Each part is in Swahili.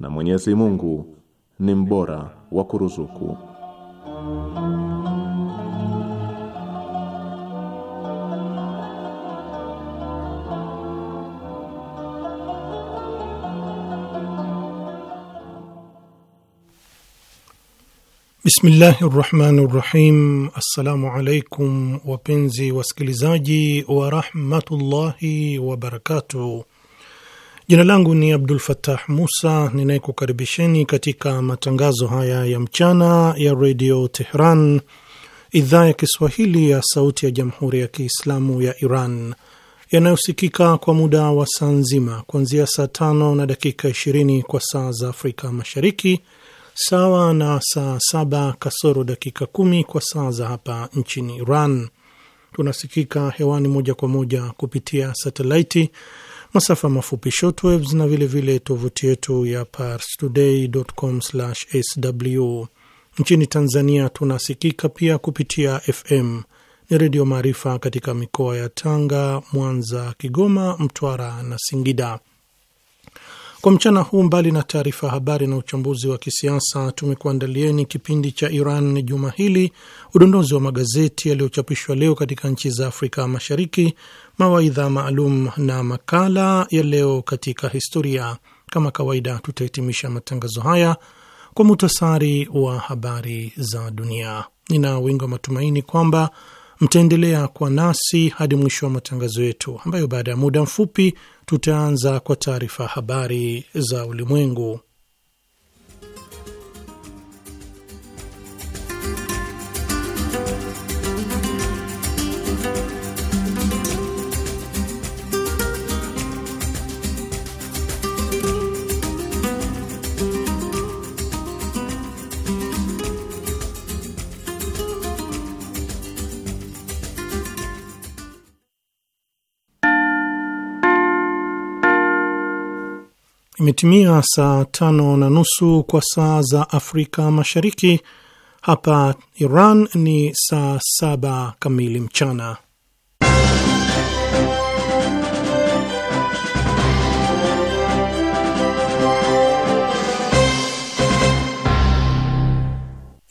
na Mwenyezi Mungu ni mbora wa kuruzuku. Bismillahi rrahmani rrahim. Assalamu alaikum wapenzi wasikilizaji warahmatullahi wabarakatuh. Jina langu ni Abdul fatah Musa, ninayekukaribisheni katika matangazo haya ya mchana ya Redio Tehran, idhaa ya Kiswahili ya sauti ya Jamhuri ya Kiislamu ya Iran, yanayosikika kwa muda wa saa nzima kuanzia saa tano na dakika 20 kwa saa za Afrika Mashariki, sawa na saa saba kasoro dakika kumi kwa saa za hapa nchini Iran. Tunasikika hewani moja kwa moja kupitia satelaiti masafa mafupi shortwaves na vilevile tovuti yetu ya parstoday.com/sw. Nchini Tanzania tunasikika pia kupitia FM ni Redio Maarifa katika mikoa ya Tanga, Mwanza, Kigoma, Mtwara na Singida. Kwa mchana huu, mbali na taarifa habari na uchambuzi wa kisiasa, tumekuandalieni kipindi cha Iran juma hili, udondozi wa magazeti yaliyochapishwa leo katika nchi za Afrika Mashariki, mawaidha maalum na makala ya leo katika historia. Kama kawaida, tutahitimisha matangazo haya kwa muhtasari wa habari za dunia. Nina wingi wa matumaini kwamba mtaendelea kuwa nasi hadi mwisho wa matangazo yetu, ambayo baada ya muda mfupi tutaanza kwa taarifa habari za ulimwengu. Imetimia saa tano na nusu kwa saa za Afrika Mashariki. Hapa Iran ni saa saba kamili mchana.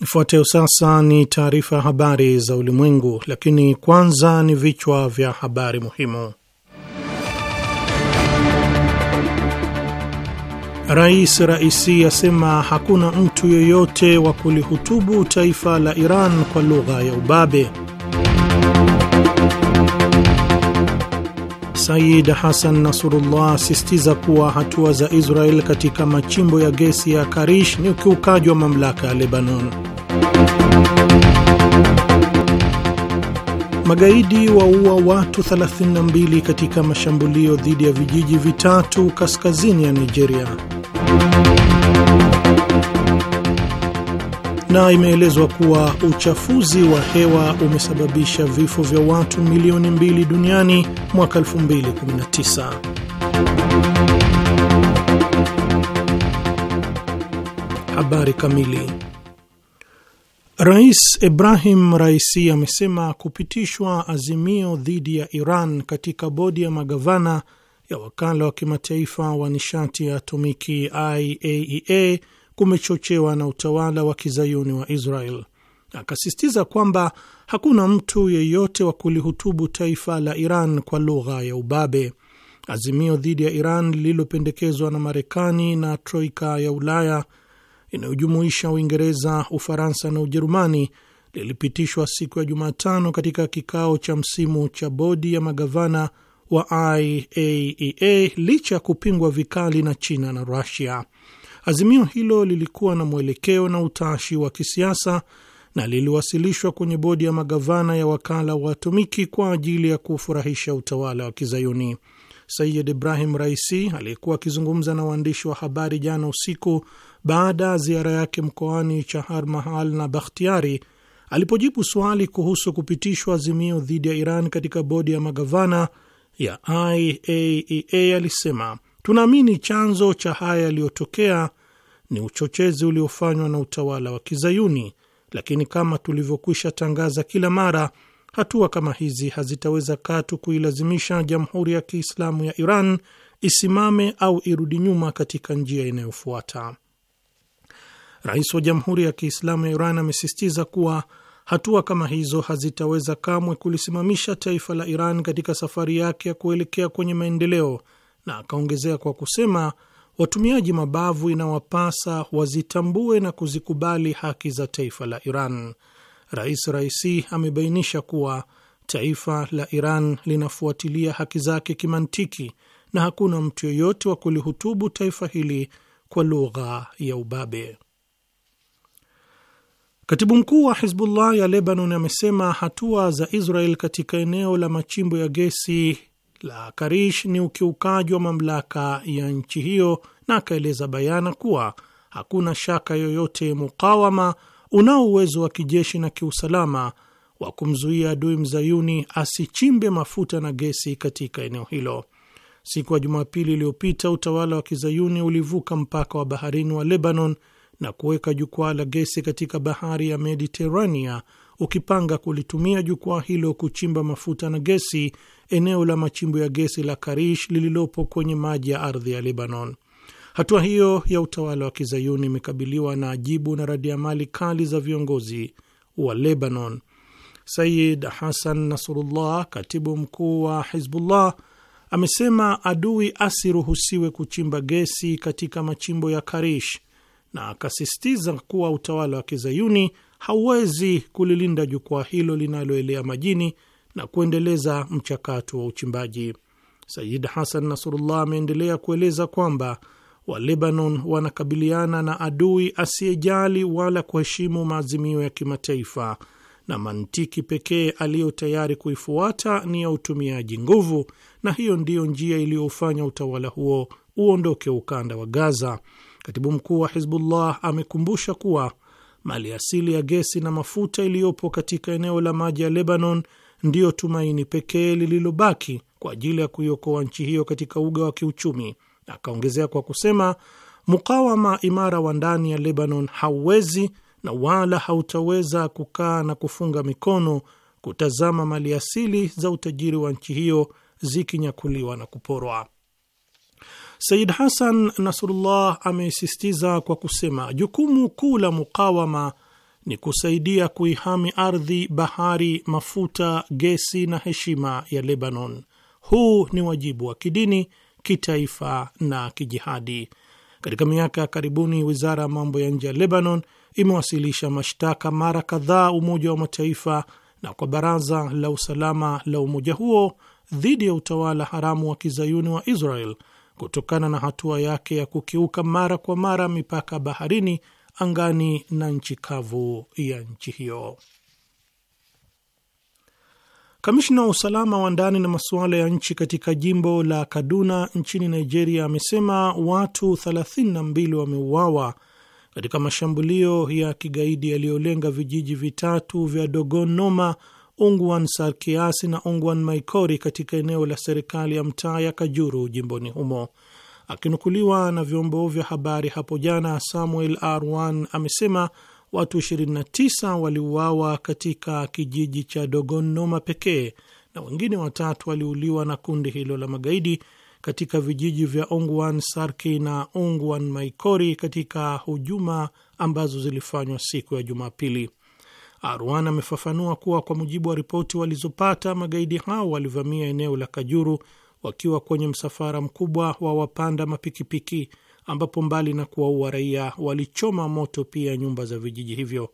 Ifuatayo sasa ni taarifa ya habari za ulimwengu, lakini kwanza ni vichwa vya habari muhimu. Rais Raisi asema hakuna mtu yoyote wa kulihutubu taifa la Iran kwa lugha ya ubabe. Said Hasan Nasrullah asisitiza kuwa hatua za Israel katika machimbo ya gesi ya Karish ni ukiukaji wa mamlaka ya Lebanon. Magaidi waua watu 32 katika mashambulio dhidi ya vijiji vitatu kaskazini ya Nigeria na imeelezwa kuwa uchafuzi wa hewa umesababisha vifo vya watu milioni mbili duniani mwaka 2019. Habari kamili. Rais Ibrahim Raisi amesema kupitishwa azimio dhidi ya Iran katika bodi ya magavana ya wakala wa kimataifa wa nishati ya atomiki IAEA e kumechochewa na utawala wa kizayuni wa Israel. Akasisitiza kwamba hakuna mtu yeyote wa kulihutubu taifa la Iran kwa lugha ya ubabe. Azimio dhidi ya Iran lililopendekezwa na Marekani na troika ya Ulaya inayojumuisha Uingereza, Ufaransa na Ujerumani lilipitishwa siku ya Jumatano katika kikao cha msimu cha bodi ya magavana wa IAEA e licha ya kupingwa vikali na China na Rusia. Azimio hilo lilikuwa na mwelekeo na utashi wa kisiasa na liliwasilishwa kwenye bodi ya magavana ya wakala wa atomiki kwa ajili ya kufurahisha utawala wa kizayuni. Sayid Ibrahim Raisi aliyekuwa akizungumza na waandishi wa habari jana usiku baada ya ziara yake mkoani Chahar Mahal na Bakhtiari, alipojibu swali kuhusu kupitishwa azimio dhidi ya Iran katika bodi ya magavana ya IAEA e alisema tunaamini chanzo cha haya yaliyotokea ni uchochezi uliofanywa na utawala wa Kizayuni, lakini kama tulivyokwisha tangaza kila mara, hatua kama hizi hazitaweza katu kuilazimisha Jamhuri ya Kiislamu ya Iran isimame au irudi nyuma katika njia inayofuata. Rais wa Jamhuri ya Kiislamu ya Iran amesisitiza kuwa Hatua kama hizo hazitaweza kamwe kulisimamisha taifa la Iran katika safari yake ya kuelekea kwenye maendeleo, na akaongezea kwa kusema, watumiaji mabavu inawapasa wazitambue na kuzikubali haki za taifa la Iran. Rais Raisi amebainisha kuwa taifa la Iran linafuatilia haki zake kimantiki na hakuna mtu yoyote wa kulihutubu taifa hili kwa lugha ya ubabe. Katibu mkuu wa Hizbullah ya Lebanon amesema hatua za Israel katika eneo la machimbo ya gesi la Karish ni ukiukaji wa mamlaka ya nchi hiyo, na akaeleza bayana kuwa hakuna shaka yoyote mukawama unao uwezo wa kijeshi na kiusalama wa kumzuia adui mzayuni asichimbe mafuta na gesi katika eneo hilo. Siku ya Jumapili iliyopita utawala wa kizayuni ulivuka mpaka wa baharini wa Lebanon na kuweka jukwaa la gesi katika bahari ya Mediterania, ukipanga kulitumia jukwaa hilo kuchimba mafuta na gesi eneo la machimbo ya gesi la Karish lililopo kwenye maji ya ardhi ya Lebanon. Hatua hiyo ya utawala wa kizayuni imekabiliwa na ajibu na radiamali kali za viongozi wa Lebanon. Sayid Hasan Nasrullah, katibu mkuu wa Hizbullah, amesema adui asiruhusiwe kuchimba gesi katika machimbo ya Karish na akasisitiza kuwa utawala wa kizayuni hauwezi kulilinda jukwaa hilo linaloelea majini na kuendeleza mchakato wa uchimbaji. Sayid Hasan Nasrullah ameendelea kueleza kwamba Walebanon wanakabiliana na adui asiyejali wala kuheshimu maazimio ya kimataifa na mantiki pekee aliyo tayari kuifuata ni ya utumiaji nguvu, na hiyo ndiyo njia iliyofanya utawala huo uondoke ukanda wa Gaza Katibu mkuu wa Hizbullah amekumbusha kuwa mali asili ya gesi na mafuta iliyopo katika eneo la maji ya Lebanon ndiyo tumaini pekee lililobaki kwa ajili ya kuiokoa nchi hiyo katika uga wa kiuchumi. Akaongezea kwa kusema mukawama imara wa ndani ya Lebanon hauwezi na wala hautaweza kukaa na kufunga mikono kutazama mali asili za utajiri wa nchi hiyo zikinyakuliwa na kuporwa. Sayid Hasan Nasrullah amesisitiza kwa kusema jukumu kuu la mukawama ni kusaidia kuihami ardhi, bahari, mafuta, gesi na heshima ya Lebanon. Huu ni wajibu wa kidini, kitaifa na kijihadi. Katika miaka ya karibuni, wizara ya mambo ya nje ya Lebanon imewasilisha mashtaka mara kadhaa Umoja wa Mataifa na kwa Baraza la Usalama la umoja huo dhidi ya utawala haramu wa kizayuni wa Israel kutokana na hatua yake ya kukiuka mara kwa mara mipaka baharini, angani na nchi kavu ya nchi hiyo. Kamishna wa usalama wa ndani na masuala ya nchi katika jimbo la Kaduna nchini Nigeria amesema watu 32 wameuawa katika mashambulio ya kigaidi yaliyolenga vijiji vitatu vya Dogonoma ungwan Sarkiasi na ungwan Maikori katika eneo la serikali ya mtaa ya Kajuru jimboni humo. Akinukuliwa na vyombo vya habari hapo jana, Samuel Arwan amesema watu 29 waliuawa katika kijiji cha Dogonoma pekee na wengine watatu waliuliwa na kundi hilo la magaidi katika vijiji vya ungwan Sarki na ungwan Maikori katika hujuma ambazo zilifanywa siku ya Jumapili. Arwan amefafanua kuwa kwa mujibu wa ripoti walizopata, magaidi hao walivamia eneo la Kajuru wakiwa kwenye msafara mkubwa wa wapanda mapikipiki, ambapo mbali na kuwaua raia walichoma moto pia nyumba za vijiji hivyo.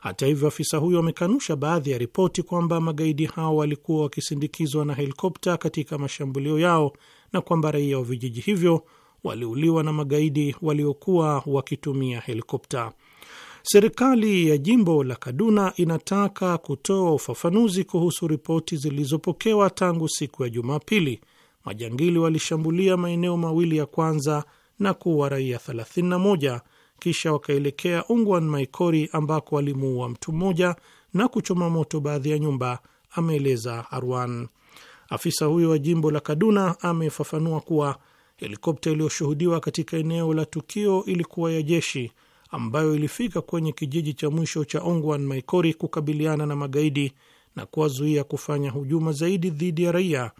Hata hivyo, afisa huyo amekanusha baadhi ya ripoti kwamba magaidi hao walikuwa wakisindikizwa na helikopta katika mashambulio yao na kwamba raia wa vijiji hivyo waliuliwa na magaidi waliokuwa wakitumia helikopta. Serikali ya jimbo la Kaduna inataka kutoa ufafanuzi kuhusu ripoti zilizopokewa tangu siku ya Jumapili. Majangili walishambulia maeneo mawili ya kwanza na kuua raia 31 kisha wakaelekea Ungwan Maikori ambako walimuua mtu mmoja na kuchoma moto baadhi ya nyumba, ameeleza Arwan. Afisa huyo wa jimbo la Kaduna amefafanua kuwa helikopta iliyoshuhudiwa katika eneo la tukio ilikuwa ya jeshi ambayo ilifika kwenye kijiji cha mwisho cha Ongwan Maikori kukabiliana na magaidi na kuwazuia kufanya hujuma zaidi dhidi ya raia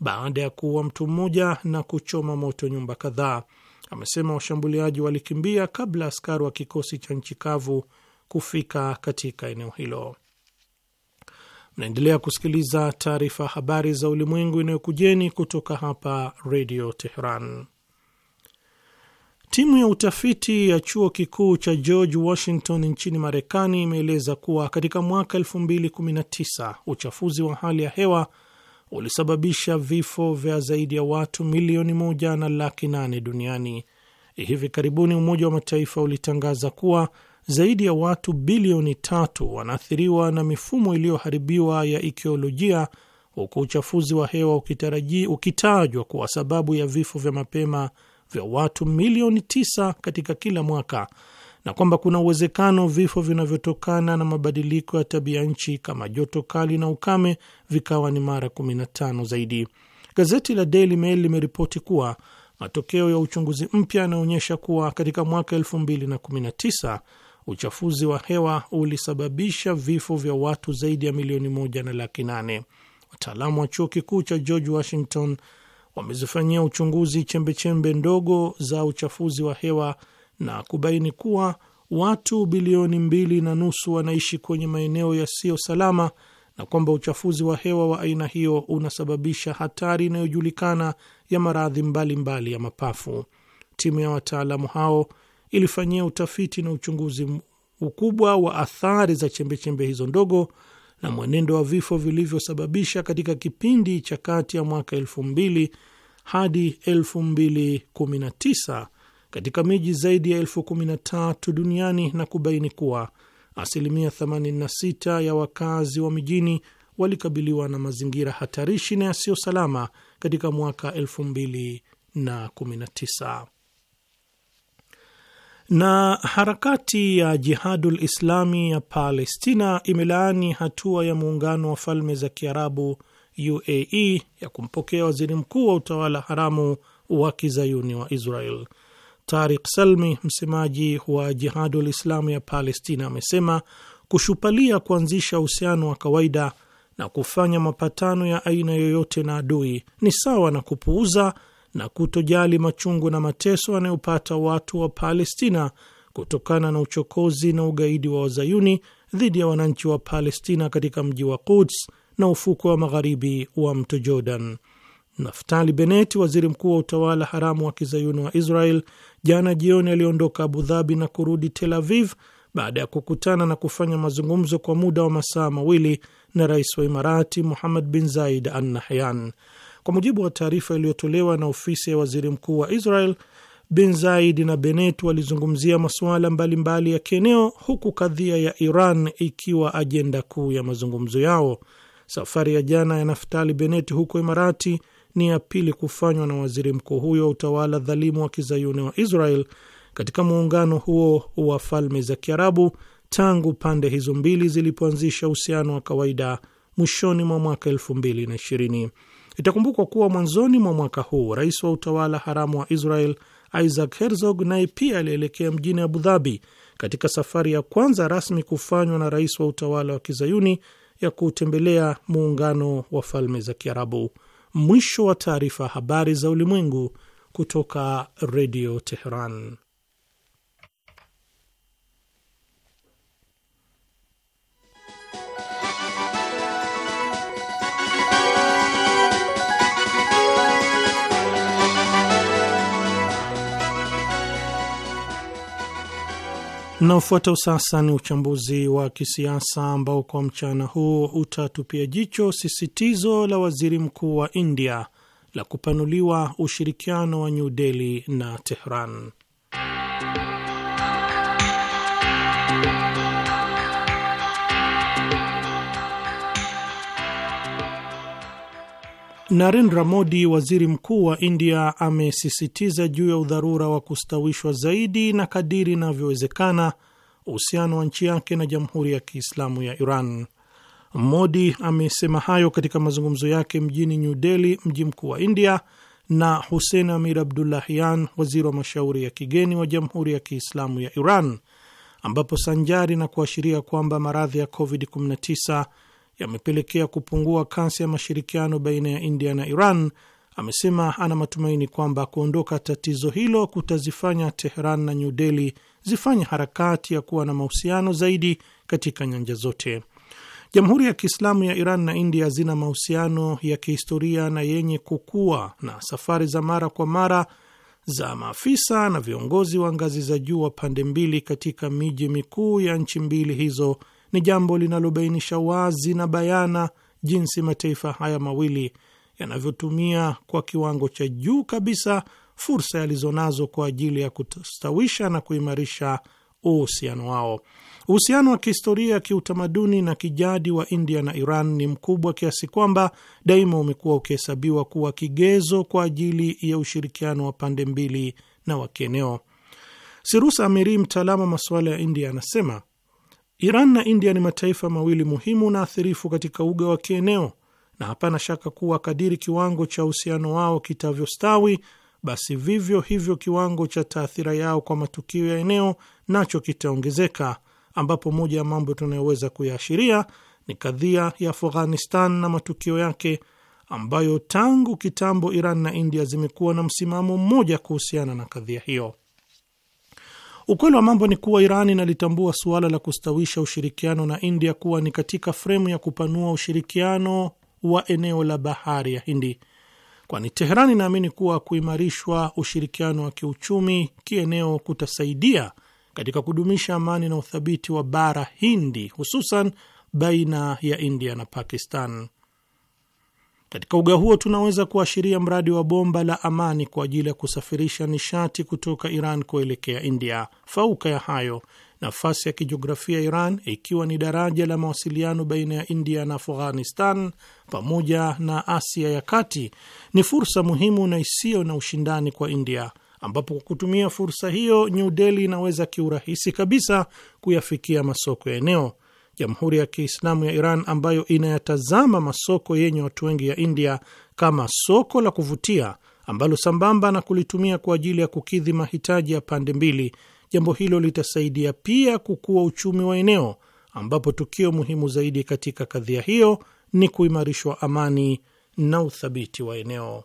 baada ya kuua mtu mmoja na kuchoma moto nyumba kadhaa. Amesema washambuliaji walikimbia kabla askari wa kikosi cha nchi kavu kufika katika eneo hilo. Mnaendelea kusikiliza taarifa habari za ulimwengu inayokujeni kutoka hapa Redio Teheran. Timu ya utafiti ya chuo kikuu cha George Washington nchini Marekani imeeleza kuwa katika mwaka 2019 uchafuzi wa hali ya hewa ulisababisha vifo vya zaidi ya watu milioni moja na laki nane duniani. Hivi karibuni Umoja wa Mataifa ulitangaza kuwa zaidi ya watu bilioni tatu wanaathiriwa na mifumo iliyoharibiwa ya ikiolojia, huku uchafuzi wa hewa ukitajwa kuwa sababu ya vifo vya mapema vya watu milioni tisa katika kila mwaka na kwamba kuna uwezekano vifo vinavyotokana na mabadiliko ya tabia nchi kama joto kali na ukame vikawa ni mara 15 zaidi. Gazeti la Daily Mail limeripoti kuwa matokeo ya uchunguzi mpya yanaonyesha kuwa katika mwaka 2019 uchafuzi wa hewa ulisababisha vifo vya watu zaidi ya milioni moja na laki nane. Wataalamu wa chuo kikuu cha George Washington wamezifanyia uchunguzi chembechembe chembe ndogo za uchafuzi wa hewa na kubaini kuwa watu bilioni mbili na nusu wanaishi kwenye maeneo yasiyo salama na kwamba uchafuzi wa hewa wa aina hiyo unasababisha hatari inayojulikana ya maradhi mbalimbali ya mapafu. Timu ya wataalamu hao ilifanyia utafiti na uchunguzi ukubwa wa athari za chembechembe hizo ndogo na mwenendo wa vifo vilivyosababisha katika kipindi cha kati ya mwaka 2000 hadi 2019 katika miji zaidi ya elfu 13 duniani na kubaini kuwa asilimia 86 ya wakazi wa mijini walikabiliwa na mazingira hatarishi na yasiyo salama katika mwaka 2019. Na harakati ya Jihadul Islami ya Palestina imelaani hatua ya muungano wa falme za Kiarabu UAE ya kumpokea waziri mkuu wa utawala haramu wa kizayuni wa Israel. Tariq Salmi, msemaji wa Jihadul Islamu ya Palestina, amesema kushupalia kuanzisha uhusiano wa kawaida na kufanya mapatano ya aina yoyote na adui ni sawa na kupuuza na kutojali machungu na mateso anayopata watu wa Palestina kutokana na uchokozi na ugaidi wa wazayuni dhidi ya wananchi wa Palestina katika mji wa Quds na ufuko wa magharibi wa mto Jordan. Naftali Bennett, waziri mkuu wa utawala haramu wa kizayuni wa Israel, jana jioni aliondoka Abu Dhabi na kurudi Tel Aviv baada ya kukutana na kufanya mazungumzo kwa muda wa masaa mawili na rais wa Imarati Muhammad bin Zaid Al Nahyan. Kwa mujibu wa taarifa iliyotolewa na ofisi ya waziri mkuu wa Israel, Ben Zaid na benet walizungumzia masuala mbalimbali ya kieneo, huku kadhia ya Iran ikiwa ajenda kuu ya mazungumzo yao. Safari ya jana ya Naftali benet huko Imarati ni ya pili kufanywa na waziri mkuu huyo wa utawala dhalimu wa kizayuni wa Israel katika muungano huo wa falme za Kiarabu tangu pande hizo mbili zilipoanzisha uhusiano wa kawaida mwishoni mwa mwaka 2020. Itakumbukwa kuwa mwanzoni mwa mwaka huu rais wa utawala haramu wa Israel Isaac Herzog naye pia alielekea mjini Abu Dhabi katika safari ya kwanza rasmi kufanywa na rais wa utawala wa kizayuni ya kutembelea muungano wa falme za Kiarabu. Mwisho wa taarifa. Habari za Ulimwengu kutoka Redio Teheran. naofuata sasa ni uchambuzi wa kisiasa ambao kwa mchana huu utatupia jicho sisitizo la waziri mkuu wa India la kupanuliwa ushirikiano wa New Delhi na Tehran. Narendra Modi, waziri mkuu wa India, amesisitiza juu ya udharura wa kustawishwa zaidi na kadiri inavyowezekana uhusiano wa nchi yake na Jamhuri ya Kiislamu ya Iran. Modi amesema hayo katika mazungumzo yake mjini New Delhi, mji mkuu wa India, na Hussein Amir Abdullahian, waziri wa mashauri ya kigeni wa Jamhuri ya Kiislamu ya Iran, ambapo sanjari na kuashiria kwamba maradhi ya COVID-19 yamepelekea kupungua kasi ya mashirikiano baina ya India na Iran, amesema ana matumaini kwamba kuondoka tatizo hilo kutazifanya teheran na New Delhi zifanye harakati ya kuwa na mahusiano zaidi katika nyanja zote. Jamhuri ya Kiislamu ya Iran na India zina mahusiano ya kihistoria na yenye kukua, na safari za mara kwa mara za maafisa na viongozi wa ngazi za juu wa pande mbili katika miji mikuu ya nchi mbili hizo ni jambo linalobainisha wazi na bayana jinsi mataifa haya mawili yanavyotumia kwa kiwango cha juu kabisa fursa yalizonazo kwa ajili ya kustawisha na kuimarisha uhusiano wao. Uhusiano wa kihistoria, kiutamaduni na kijadi wa India na Iran ni mkubwa kiasi kwamba daima umekuwa ukihesabiwa kuwa kigezo kwa ajili ya ushirikiano wa pande mbili na wa kieneo. Sirus Amiri, mtaalamu wa masuala ya India, anasema Iran na India ni mataifa mawili muhimu na athirifu katika uga wa kieneo, na hapana shaka kuwa kadiri kiwango cha uhusiano wao kitavyostawi, basi vivyo hivyo kiwango cha taathira yao kwa matukio ya eneo nacho kitaongezeka, ambapo moja ya mambo tunayoweza kuyaashiria ni kadhia ya Afghanistan na matukio yake ambayo tangu kitambo Iran na India zimekuwa na msimamo mmoja kuhusiana na kadhia hiyo. Ukweli wa mambo ni kuwa Iran inalitambua suala la kustawisha ushirikiano na India kuwa ni katika fremu ya kupanua ushirikiano wa eneo la bahari ya Hindi, kwani Teheran inaamini kuwa kuimarishwa ushirikiano wa kiuchumi kieneo kutasaidia katika kudumisha amani na uthabiti wa bara Hindi, hususan baina ya India na Pakistan. Katika uga huo tunaweza kuashiria mradi wa bomba la amani kwa ajili ya kusafirisha nishati kutoka Iran kuelekea India. Fauka ya hayo, nafasi ya kijiografia Iran ikiwa ni daraja la mawasiliano baina ya India na Afghanistan pamoja na Asia ya Kati ni fursa muhimu na isiyo na ushindani kwa India, ambapo kwa kutumia fursa hiyo New Delhi inaweza kiurahisi kabisa kuyafikia masoko ya eneo. Jamhuri ya Kiislamu ya Iran ambayo inayatazama masoko yenye watu wengi ya India kama soko la kuvutia ambalo sambamba na kulitumia kwa ajili ya kukidhi mahitaji ya pande mbili, jambo hilo litasaidia pia kukua uchumi wa eneo, ambapo tukio muhimu zaidi katika kadhia hiyo ni kuimarishwa amani na uthabiti wa eneo.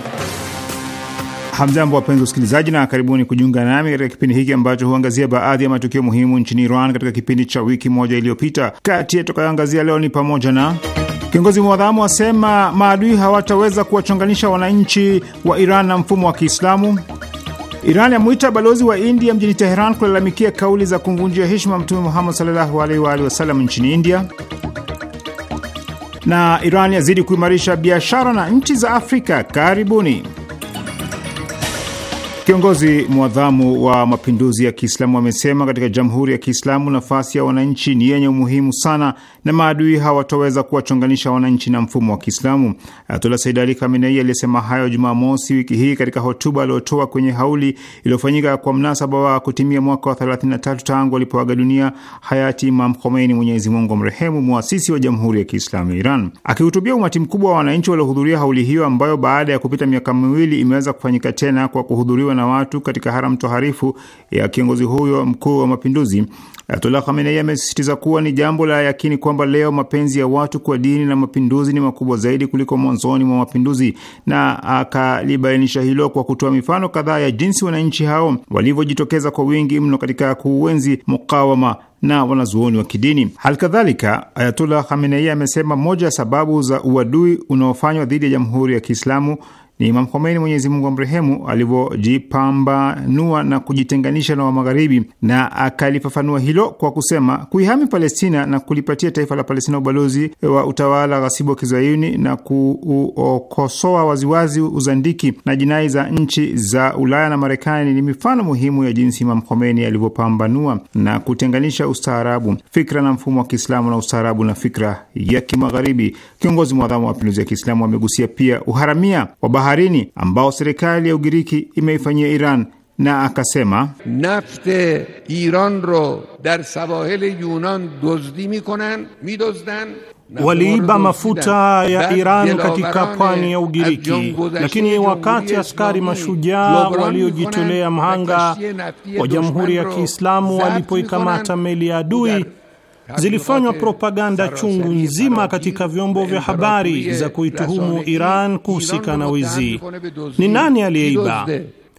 Hamjambo, wapenzi wasikilizaji, na karibuni kujiunga nami katika kipindi hiki ambacho huangazia baadhi ya matukio muhimu nchini Iran katika kipindi cha wiki moja iliyopita. Kati ya tutakayoangazia leo ni pamoja na kiongozi mwadhamu asema maadui hawataweza kuwachonganisha wananchi wa Iran na mfumo wa Kiislamu. Iran yamwita balozi wa India mjini Teheran kulalamikia kauli za kumvunjia heshima Mtume Muhammad sallallahu alaihi wa alihi wasallam nchini India, na Iran yazidi kuimarisha biashara na nchi za Afrika. Karibuni. Kiongozi mwadhamu wa mapinduzi ya Kiislamu amesema katika Jamhuri ya Kiislamu nafasi ya wananchi ni yenye umuhimu sana na maadui hawataweza kuwachonganisha wananchi na mfumo wa Kiislamu. Ayatullah Said Ali Khamenei aliyesema hayo Jumamosi wiki hii katika hotuba aliotoa kwenye hauli iliyofanyika kwa mnasaba wa kutimia mwaka wa 33 tangu alipoaga dunia hayati Imam Khomeini, Mwenyezi Mungu amrehemu, muasisi wa Jamhuri ya Kiislamu ya Iran. Akihutubia umati mkubwa wa wananchi waliohudhuria hauli hiyo ambayo baada ya kupita miaka miwili imeweza kufanyika tena kwa kuhudhuriwa na watu katika haram toharifu ya kiongozi huyo mkuu wa mapinduzi, Ayatullah Khamenei amesisitiza kuwa ni jambo la yakini kwa kwamba leo mapenzi ya watu kwa dini na mapinduzi ni makubwa zaidi kuliko mwanzoni mwa mapinduzi, na akalibainisha hilo kwa kutoa mifano kadhaa ya jinsi wananchi hao walivyojitokeza kwa wingi mno katika kuuenzi mukawama na wanazuoni wa kidini. Halikadhalika, Ayatullah Khamenei amesema moja ya sababu za uadui unaofanywa dhidi ya Jamhuri ya Kiislamu ni Imam Khomeini, Mwenyezi Mungu amrehemu, alivyojipambanua na kujitenganisha na wa Magharibi, na akalifafanua hilo kwa kusema, kuihami Palestina na kulipatia taifa la Palestina ubalozi wa utawala ghasibu wa Kizayuni na kuokosoa waziwazi uzandiki na jinai za nchi za Ulaya na Marekani ni mifano muhimu ya jinsi Imam Khomeini alivyopambanua na kutenganisha ustaarabu, fikra na mfumo wa Kiislamu na ustaarabu na fikra ya Kimagharibi. Kiongozi mwadhamu wa mapinduzi ya Kiislamu amegusia pia uharamia wa bahari baharini ambao serikali ya Ugiriki imeifanyia Iran na akasema nafte iran ro dar sawahil yunan dozdi mikonan midozdan Waliiba mafuta ya Iran katika pwani ya Ugiriki, lakini wakati askari mashujaa waliojitolea mhanga wa Jamhuri ya Kiislamu walipoikamata meli ya adui zilifanywa propaganda chungu nzima katika vyombo vya habari za kuituhumu Iran kuhusika na wizi. Ni nani aliyeiba?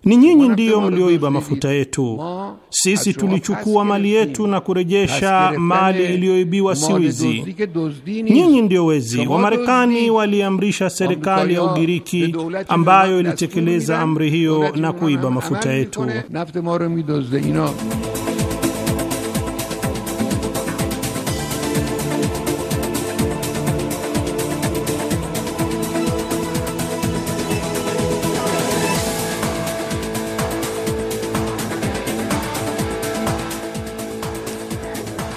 Ni nyinyi ndiyo mlioiba mafuta yetu. Sisi tulichukua mali yetu na kurejesha mali iliyoibiwa, si wizi. Nyinyi ndio wezi. Wamarekani waliamrisha serikali ya Ugiriki ambayo ilitekeleza amri hiyo na kuiba mafuta yetu.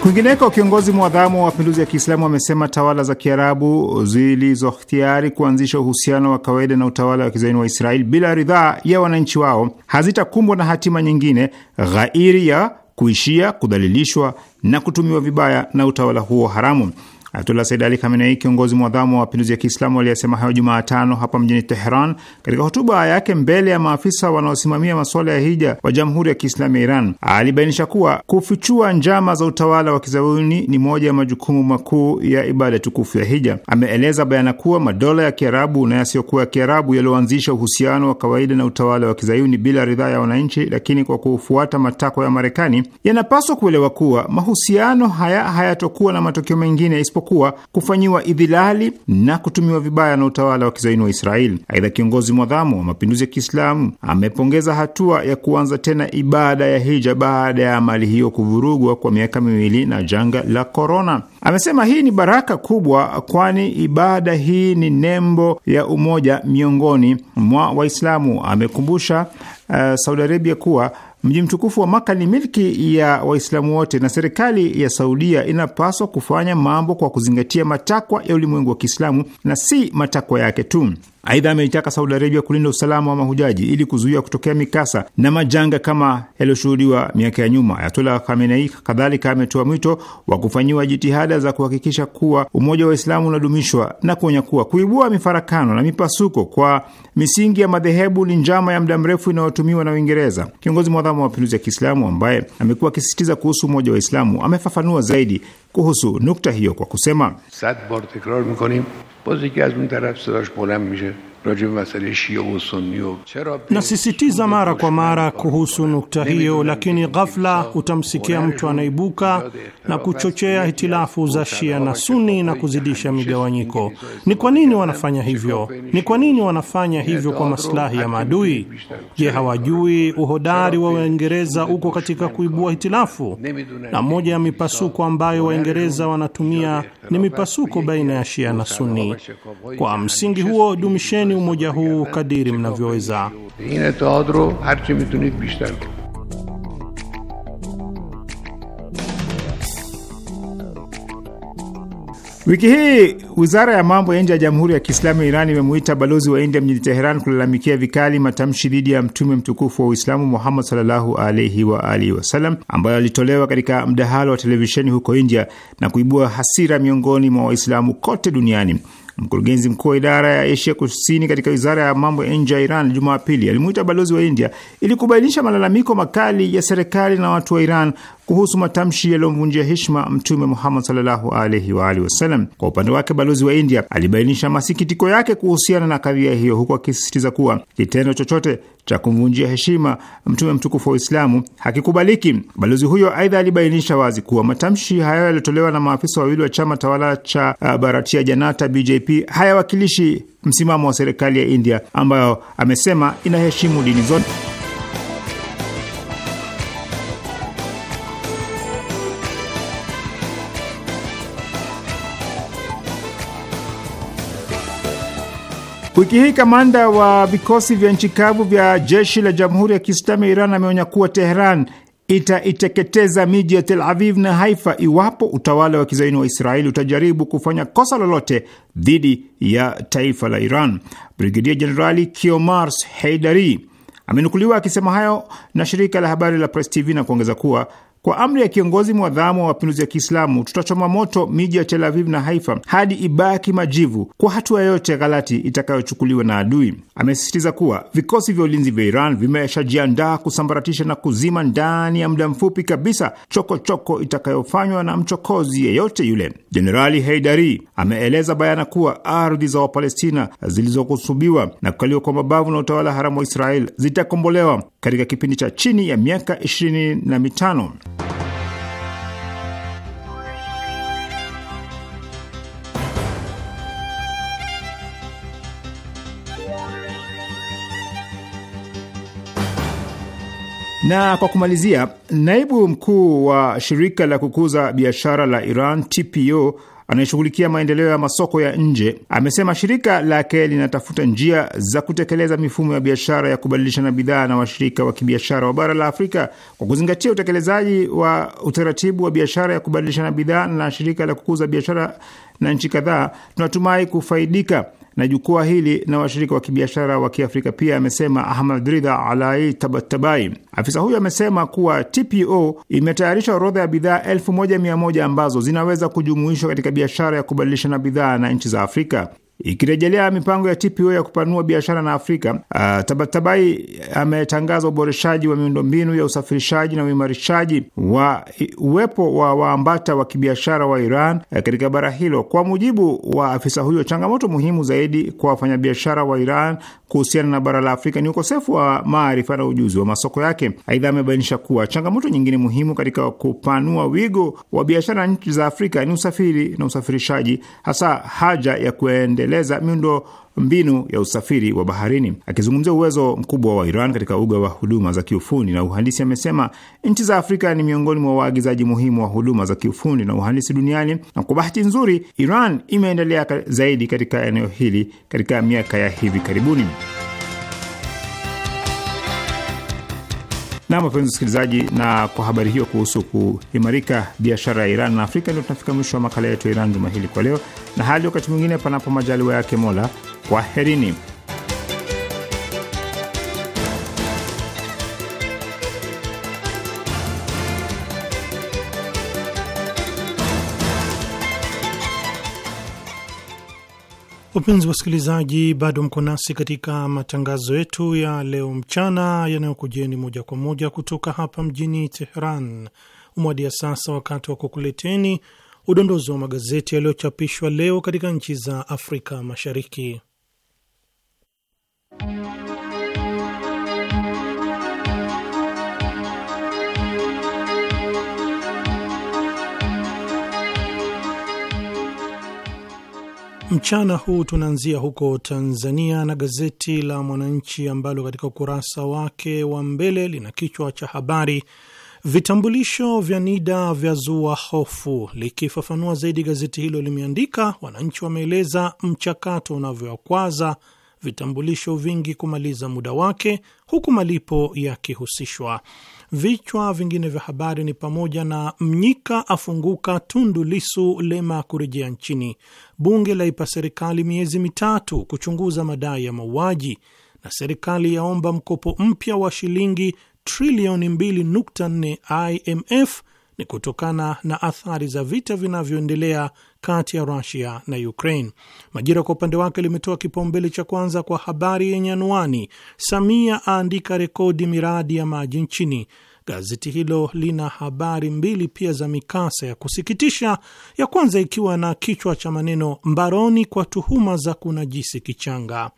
Kwingineko, kiongozi mwadhamu wa mapinduzi ya Kiislamu amesema tawala za Kiarabu zilizohtiari kuanzisha uhusiano wa kawaida na utawala wa kizaini wa Israeli bila ridhaa ya wananchi wao hazitakumbwa na hatima nyingine ghairi ya kuishia kudhalilishwa na kutumiwa vibaya na utawala huo haramu. Ayatullah Said Ali Khamenei, kiongozi mwadhamu wa mapinduzi ya Kiislamu, aliyesema hayo Jumatano hapa mjini Teheran katika hotuba yake mbele ya maafisa wanaosimamia masuala ya hija wa Jamhuri ya Kiislamu ya Iran. Alibainisha kuwa kufichua njama za utawala wa kizayuni ni moja ya majukumu makuu ya ibada tukufu ya hija. Ameeleza bayana kuwa madola ya Kiarabu na yasiyokuwa ya Kiarabu yaliyoanzisha uhusiano wa kawaida na utawala wa kizayuni bila ridhaa ya wananchi, lakini kwa kufuata matakwa ya Marekani, yanapaswa kuelewa kuwa mahusiano haya hayatokuwa na matokeo mengine isipokuwa kuwa kufanyiwa idhilali na kutumiwa vibaya na utawala wa kizaini wa Israeli. Aidha, kiongozi mwadhamu wa mapinduzi ya Kiislamu amepongeza hatua ya kuanza tena ibada ya hija baada ya amali hiyo kuvurugwa kwa miaka miwili na janga la korona. Amesema hii ni baraka kubwa, kwani ibada hii ni nembo ya umoja miongoni mwa Waislamu. Amekumbusha uh, Saudi Arabia kuwa Mji mtukufu wa Maka ni milki ya Waislamu wote na serikali ya Saudia inapaswa kufanya mambo kwa kuzingatia matakwa ya ulimwengu wa Kiislamu na si matakwa yake tu. Aidha, ameitaka Saudi Arabia kulinda usalama wa mahujaji ili kuzuia kutokea mikasa na majanga kama yaliyoshuhudiwa miaka ya nyuma. Ayatola Khamenei kadhalika ametoa mwito wa kufanyiwa jitihada za kuhakikisha kuwa umoja wa Waislamu unadumishwa na kuonya kuwa kuibua mifarakano na mipasuko kwa misingi ya madhehebu ni njama ya muda mrefu inayotumiwa na Uingereza. Kiongozi mwadhamu wa mapinduzi ya Kiislamu ambaye amekuwa akisisitiza kuhusu umoja wa Waislamu amefafanua zaidi kuhusu nukta hiyo kwa kusema باز یکی از اون طرف صداش بلند میشه Nasisitiza mara kwa mara kuhusu nukta hiyo, lakini ghafla utamsikia mtu anaibuka na kuchochea hitilafu za Shia na Suni na kuzidisha migawanyiko. Ni kwa nini wanafanya hivyo? Ni kwa nini wanafanya hivyo kwa masilahi ya maadui? Je, hawajui uhodari wa Waingereza uko katika kuibua hitilafu? Na moja ya mipasuko ambayo Waingereza wanatumia ni mipasuko baina ya Shia na Suni. Kwa msingi huo, dumisheni Endelezeeni umoja huu kadiri mnavyoweza. Wiki hii wizara ya mambo ya nje ya Jamhuri ya Kiislamu ya Iran imemuita balozi wa India mjini Teheran kulalamikia vikali matamshi dhidi ya mtume mtukufu wa Uislamu Muhammad sallallahu alaihi wa alihi wasallam ambayo alitolewa katika mdahalo wa televisheni huko India na kuibua hasira miongoni mwa Waislamu kote duniani. Mkurugenzi mkuu wa idara ya Asia Kusini katika wizara ya mambo ya nje ya Iran Jumapili alimuita balozi wa India ili kubainisha malalamiko makali ya serikali na watu wa Iran kuhusu matamshi yaliyomvunjia heshima Mtume Muhammad sallallahu alaihi wa alihi wasallam. Kwa upande wake, balozi wa India alibainisha masikitiko yake kuhusiana na kadhia hiyo, huku akisisitiza kuwa kitendo chochote cha kumvunjia heshima mtume mtukufu wa Uislamu hakikubaliki. Balozi huyo aidha alibainisha wazi kuwa matamshi hayo yaliyotolewa na maafisa wawili wa chama tawala cha uh, Bharatiya Janata BJP hayawakilishi msimamo wa serikali ya India ambayo amesema inaheshimu dini zote. Wiki hii kamanda wa vikosi vya nchi kavu vya jeshi la jamhuri ya kiislamu ya Iran ameonya kuwa Teheran itaiteketeza miji ya Tel Aviv na Haifa iwapo utawala wa kizaini wa Israeli utajaribu kufanya kosa lolote dhidi ya taifa la Iran. Brigedia Jenerali Kiomars Heidari amenukuliwa akisema hayo na shirika la habari la Press TV na kuongeza kuwa kwa amri ya kiongozi mwadhamu wa mapinduzi ya Kiislamu, tutachoma moto miji ya Tel Aviv na Haifa hadi ibaki majivu kwa hatua yoyote ghalati itakayochukuliwa na adui. Amesisitiza kuwa vikosi vya ulinzi vya Iran vimeshajiandaa kusambaratisha na kuzima ndani ya muda mfupi kabisa chokochoko itakayofanywa na mchokozi yeyote yule. Jenerali Heidari ameeleza bayana kuwa ardhi za Wapalestina zilizokusubiwa na kukaliwa kwa mabavu na utawala haramu wa Israel zitakombolewa katika kipindi cha chini ya miaka ishirini na mitano. Na kwa kumalizia, naibu mkuu wa shirika la kukuza biashara la Iran TPO anayeshughulikia maendeleo ya masoko ya nje amesema shirika lake linatafuta njia za kutekeleza mifumo ya biashara ya kubadilishana bidhaa na washirika wa kibiashara wa bara la Afrika kwa kuzingatia utekelezaji wa utaratibu wa biashara ya kubadilishana bidhaa na shirika la kukuza biashara na nchi kadhaa. Tunatumai kufaidika na jukwaa hili na washirika wa kibiashara wa Kiafrika pia, amesema Ahmad Ridha Alai Tabatabai. Afisa huyo amesema kuwa TPO imetayarisha orodha ya bidhaa 1100 ambazo zinaweza kujumuishwa katika biashara ya kubadilishana bidhaa na nchi za Afrika. Ikirejelea mipango ya TPO ya kupanua biashara na Afrika, uh, Tabatabai ametangaza uboreshaji wa miundombinu ya usafirishaji na uimarishaji wa uwepo wa waambata wa kibiashara wa Iran uh, katika bara hilo. Kwa mujibu wa afisa huyo, changamoto muhimu zaidi kwa wafanyabiashara wa Iran kuhusiana na bara la Afrika ni ukosefu wa maarifa na ujuzi wa masoko yake. Aidha, amebainisha kuwa changamoto nyingine muhimu katika kupanua wigo wa biashara nchi za Afrika ni usafiri na usafirishaji, hasa haja ya kuende kuendeleza miundo mbinu ya usafiri wa baharini. Akizungumzia uwezo mkubwa wa Iran katika uga wa huduma za kiufundi na uhandisi, amesema nchi za Afrika ni miongoni mwa waagizaji muhimu wa huduma za kiufundi na uhandisi duniani, na kwa bahati nzuri Iran imeendelea zaidi katika eneo hili katika miaka ya hivi karibuni. Na wapenzi wasikilizaji, na kwa habari hiyo kuhusu kuimarika biashara ya Iran na Afrika, ndio tunafika mwisho wa makala yetu ya Iran juma hili kwa leo, na hali wakati mwingine, panapo majaliwa yake Mola, kwaherini. Wapenzi wasikilizaji, bado mko nasi katika matangazo yetu ya leo mchana yanayokujeni moja kwa moja kutoka hapa mjini Teheran. Umewadia sasa wakati wa kukuleteni udondozi wa magazeti yaliyochapishwa leo katika nchi za Afrika Mashariki. Mchana huu tunaanzia huko Tanzania na gazeti la Mwananchi ambalo katika ukurasa wake wa mbele lina kichwa cha habari vitambulisho vya NIDA vya zua hofu. Likifafanua zaidi, gazeti hilo limeandika wananchi wameeleza mchakato unavyokwaza vitambulisho vingi kumaliza muda wake, huku malipo yakihusishwa. Vichwa vingine vya habari ni pamoja na Mnyika afunguka, Tundu Lisu lema kurejea nchini, bunge laipa serikali miezi mitatu kuchunguza madai ya mauaji, na serikali yaomba mkopo mpya wa shilingi trilioni 2.4 IMF ni kutokana na athari za vita vinavyoendelea kati ya Rusia na Ukraine. Majira kwa upande wake limetoa kipaumbele cha kwanza kwa habari yenye anwani Samia aandika rekodi miradi ya maji nchini. Gazeti hilo lina habari mbili pia za mikasa ya kusikitisha, ya kwanza ikiwa na kichwa cha maneno mbaroni kwa tuhuma za kunajisi kichanga.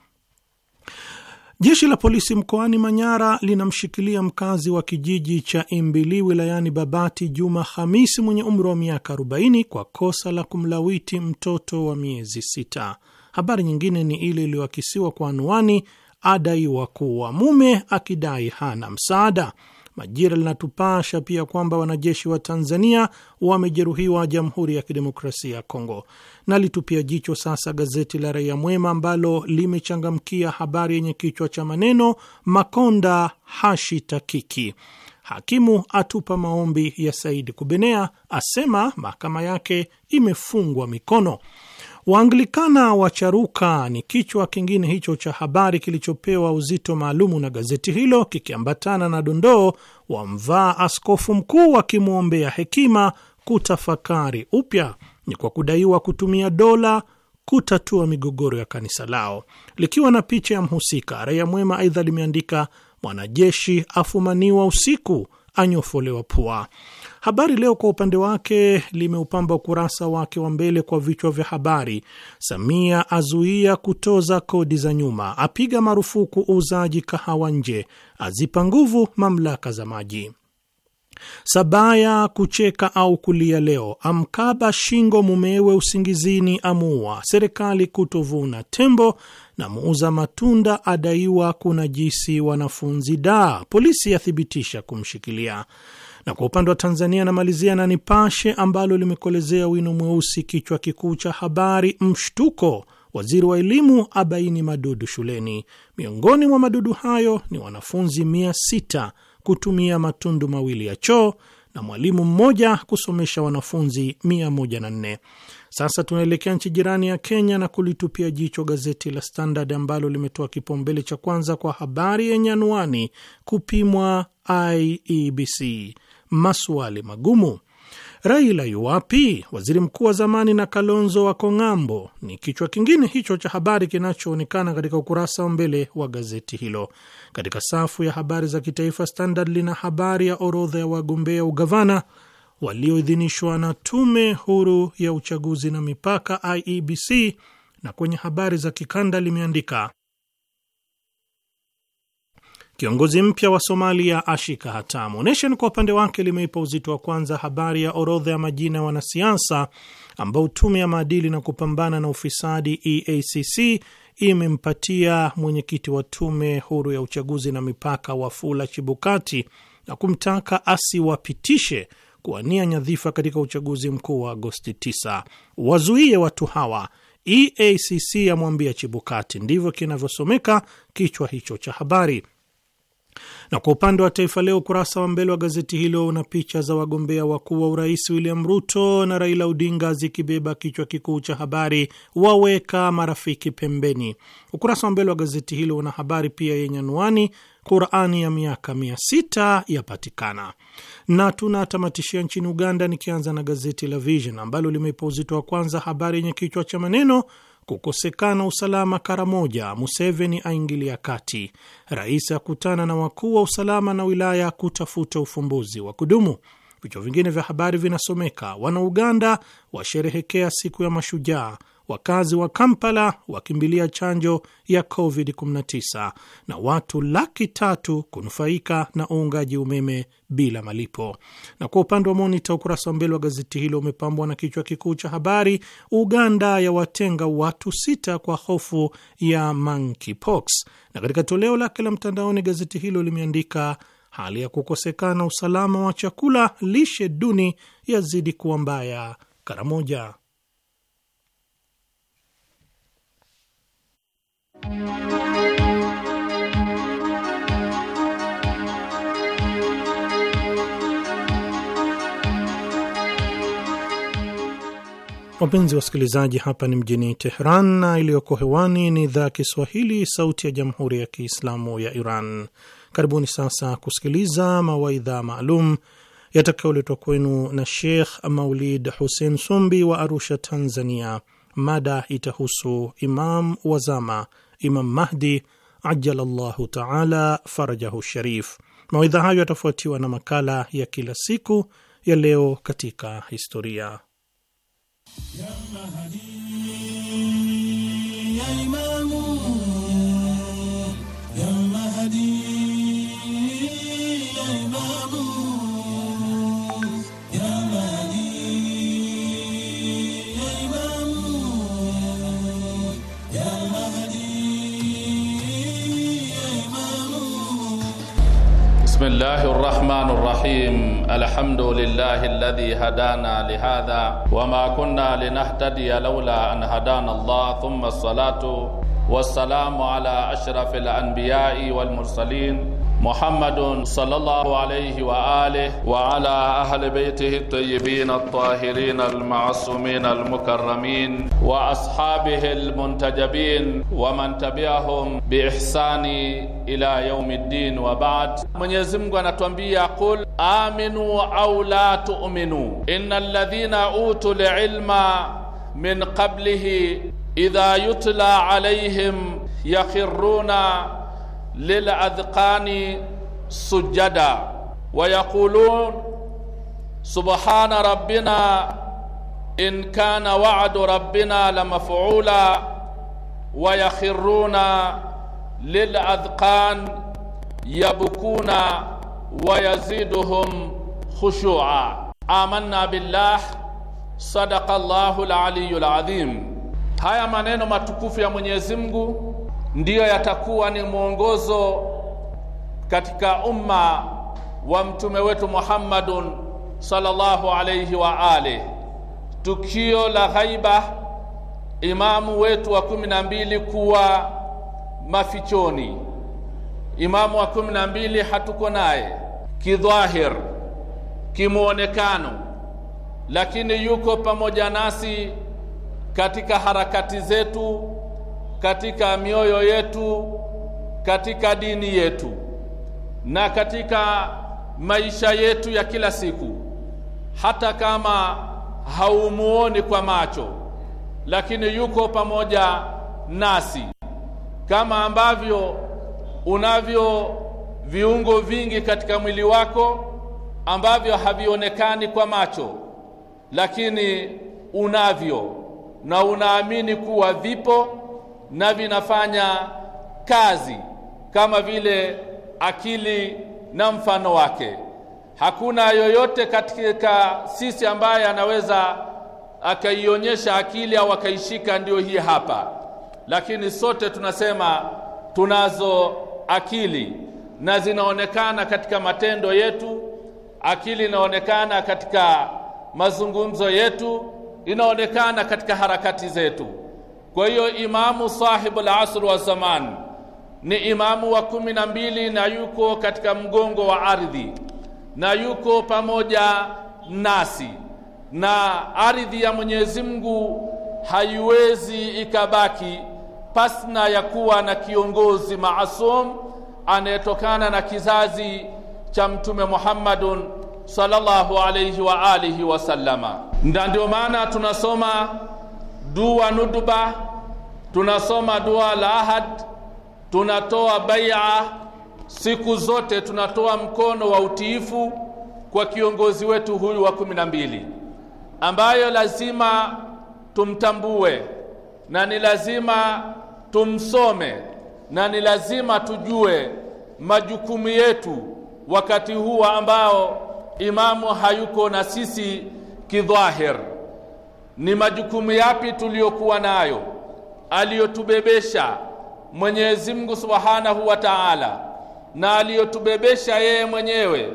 Jeshi la polisi mkoani Manyara linamshikilia mkazi wa kijiji cha Imbili wilayani Babati, Juma Hamisi mwenye umri wa miaka 40 kwa kosa la kumlawiti mtoto wa miezi sita. Habari nyingine ni ile iliyoakisiwa kwa anwani adaiwa kuwa mume akidai hana msaada. Majira linatupasha pia kwamba wanajeshi wa Tanzania wamejeruhiwa Jamhuri ya Kidemokrasia ya Kongo. Nalitupia jicho sasa gazeti la Raia Mwema ambalo limechangamkia habari yenye kichwa cha maneno Makonda hashitakiki, hakimu atupa maombi ya Saidi Kubenea, asema mahakama yake imefungwa mikono. Waanglikana wacharuka ni kichwa kingine hicho cha habari kilichopewa uzito maalumu na gazeti hilo, kikiambatana na dondoo wamvaa askofu mkuu wakimwombea hekima kutafakari upya ni kwa kudaiwa kutumia dola kutatua migogoro ya kanisa lao, likiwa na picha ya mhusika raia mwema. Aidha limeandika mwanajeshi afumaniwa usiku, anyofolewa pua. Habari Leo kwa upande wake limeupamba ukurasa wake wa mbele kwa vichwa vya habari: Samia azuia kutoza kodi za nyuma, apiga marufuku uuzaji kahawa nje, azipa nguvu mamlaka za maji. Sabaya kucheka au kulia leo, amkaba shingo mumewe usingizini, amuua serikali kutovuna tembo, na muuza matunda adaiwa kuna jisi wanafunzi. Da, polisi yathibitisha kumshikilia na kwa upande wa Tanzania anamalizia na Nipashe ambalo limekolezea wino mweusi kichwa kikuu cha habari, mshtuko, waziri wa elimu abaini madudu shuleni. Miongoni mwa madudu hayo ni wanafunzi mia sita kutumia matundu mawili ya choo na mwalimu mmoja kusomesha wanafunzi nne. Sasa tunaelekea nchi jirani ya Kenya na kulitupia jicho gazeti la Standard ambalo limetoa kipaumbele cha kwanza kwa habari yenye anwani kupimwa IEBC maswali magumu. Raila yuwapi? Waziri mkuu wa zamani na Kalonzo wako ng'ambo, ni kichwa kingine hicho cha habari kinachoonekana katika ukurasa wa mbele wa gazeti hilo. Katika safu ya habari za kitaifa, Standard lina habari ya orodha ya wagombea ugavana walioidhinishwa na Tume Huru ya Uchaguzi na Mipaka, IEBC, na kwenye habari za kikanda limeandika Kiongozi mpya wa Somalia ashika hatamu. Nation kwa upande wake limeipa uzito wa kwanza habari ya orodha ya majina ya wanasiasa ambao tume ya maadili na kupambana na ufisadi EACC imempatia mwenyekiti wa tume huru ya uchaguzi na mipaka Wafula Chibukati na kumtaka asiwapitishe kuwania nyadhifa katika uchaguzi mkuu wa Agosti 9. Wazuie watu hawa, EACC yamwambia Chibukati. Ndivyo kinavyosomeka kichwa hicho cha habari. Na kwa upande wa Taifa Leo, ukurasa wa mbele wa gazeti hilo una picha za wagombea wakuu wa urais William Ruto na Raila Odinga zikibeba kichwa kikuu cha habari, waweka marafiki pembeni. Ukurasa wa mbele wa gazeti hilo una habari pia yenye anwani Qurani ya miaka mia sita yapatikana. Na tunatamatishia nchini Uganda, nikianza na gazeti la Vision ambalo limeipa uzito wa kwanza habari yenye kichwa cha maneno kukosekana usalama kara moja, Museveni aingilia kati, rais akutana na wakuu wa usalama na wilaya kutafuta ufumbuzi wa kudumu. Vichwa vingine vya habari vinasomeka: Wanauganda washerehekea siku ya mashujaa wakazi wa Kampala wakimbilia chanjo ya COVID-19 na watu laki tatu kunufaika na uungaji umeme bila malipo. Na kwa upande wa Monita, ukurasa wa mbele wa gazeti hilo umepambwa na kichwa kikuu cha habari, Uganda yawatenga watu sita kwa hofu ya monkeypox. Na katika toleo lake la mtandaoni gazeti hilo limeandika hali ya kukosekana usalama wa chakula, lishe duni yazidi kuwa mbaya Karamoja. Wapenzi wasikilizaji, hapa ni mjini Teheran na iliyoko hewani ni idhaa ya Kiswahili, sauti ya jamhuri ya kiislamu ya Iran. Karibuni sasa kusikiliza mawaidha maalum yatakayoletwa kwenu na Sheikh Maulid Hussein Sombi wa Arusha, Tanzania. Mada itahusu Imam Wazama Imam Mahdi ajalallahu taala farajahu sharif. Mawaidha hayo yatafuatiwa na makala ya kila siku ya leo katika historia ya Mahdi, ya الله الرحمن الرحيم الحمد لله الذي هدانا لهذا وما كنا لنهتدي لولا أن هدانا الله ثم الصلاة والسلام على أشرف الأنبياء والمرسلين محمد صلى الله عليه وآله وعلى أهل بيته الطيبين الطاهرين المعصومين المكرمين وأصحابه المنتجبين ومن تبعهم بإحسان إلى يوم الدين وبعد من يزم ونتنبي يقول آمنوا أو لا تؤمنوا إن الذين أوتوا العلم من قبله إذا يتلى عليهم يخرون للأذقان سجدا ويقولون سبحان ربنا إن كان وعد ربنا لمفعولا ويخرون للأذقان يبكون ويزيدهم خشوعا آمنا بالله صدق الله العلي العظيم haya ما تكوف يا من يزمجو ndiyo yatakuwa ni mwongozo katika umma wa mtume wetu Muhammadun sallallahu alayhi wa ali. Tukio la ghaiba, imamu wetu wa kumi na mbili kuwa mafichoni. Imamu wa kumi na mbili hatuko naye kidhahir, kimwonekano, lakini yuko pamoja nasi katika harakati zetu katika mioyo yetu, katika dini yetu na katika maisha yetu ya kila siku. Hata kama haumuoni kwa macho, lakini yuko pamoja nasi, kama ambavyo unavyo viungo vingi katika mwili wako ambavyo havionekani kwa macho, lakini unavyo na unaamini kuwa vipo na vinafanya kazi kama vile akili na mfano wake. Hakuna yoyote katika sisi ambaye anaweza akaionyesha akili au akaishika, ndio hii hapa, lakini sote tunasema tunazo akili na zinaonekana katika matendo yetu. Akili inaonekana katika mazungumzo yetu, inaonekana katika harakati zetu. Kwa hiyo imamu sahibu al-asr wa zaman ni imamu wa kumi na mbili na yuko katika mgongo wa ardhi na yuko pamoja nasi, na ardhi ya Mwenyezi Mungu haiwezi ikabaki pasna ya kuwa na kiongozi maasum anayetokana na kizazi cha Mtume Muhammadun sallallahu alayhi wa alihi wasallama, na ndio maana tunasoma dua nuduba, tunasoma dua la ahad, tunatoa baia, siku zote tunatoa mkono wa utiifu kwa kiongozi wetu huyu wa kumi na mbili ambayo lazima tumtambue na ni lazima tumsome na ni lazima tujue majukumu yetu wakati huu ambao imamu hayuko na sisi kidhahir ni majukumu yapi tuliyokuwa nayo aliyotubebesha Mwenyezi Mungu Subhanahu wa Ta'ala na aliyotubebesha yeye mwenyewe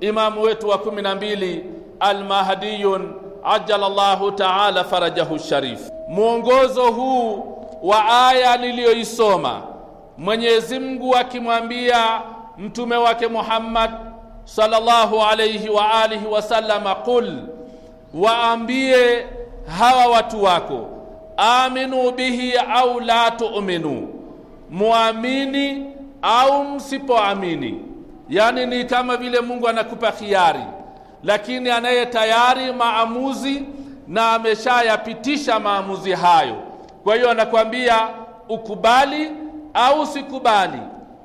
imamu wetu wa kumi na mbili Al-Mahdiyun ajalallahu ta'ala farajahu sharif. Mwongozo huu wa aya niliyoisoma Mwenyezi Mungu akimwambia mtume wake Muhammad sallallahu alayhi wa alihi wasallama, qul, waambie hawa watu wako, aminu bihi au la tu'minu, muamini au msipoamini. Yani ni kama vile Mungu anakupa khiari, lakini anaye tayari maamuzi na ameshayapitisha maamuzi hayo. Kwa hiyo anakuambia ukubali au sikubali,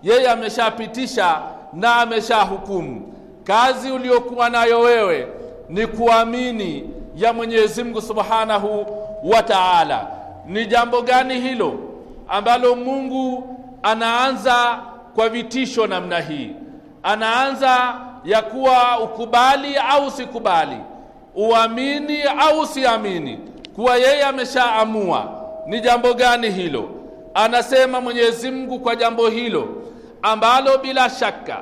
yeye ameshapitisha na ameshahukumu. Kazi uliokuwa nayo wewe ni kuamini ya Mwenyezi Mungu Subhanahu wa Ta'ala. Ni jambo gani hilo ambalo Mungu anaanza kwa vitisho namna hii? Anaanza ya kuwa ukubali au usikubali uamini au usiamini kuwa yeye ameshaamua. Ni jambo gani hilo? Anasema Mwenyezi Mungu kwa jambo hilo ambalo bila shaka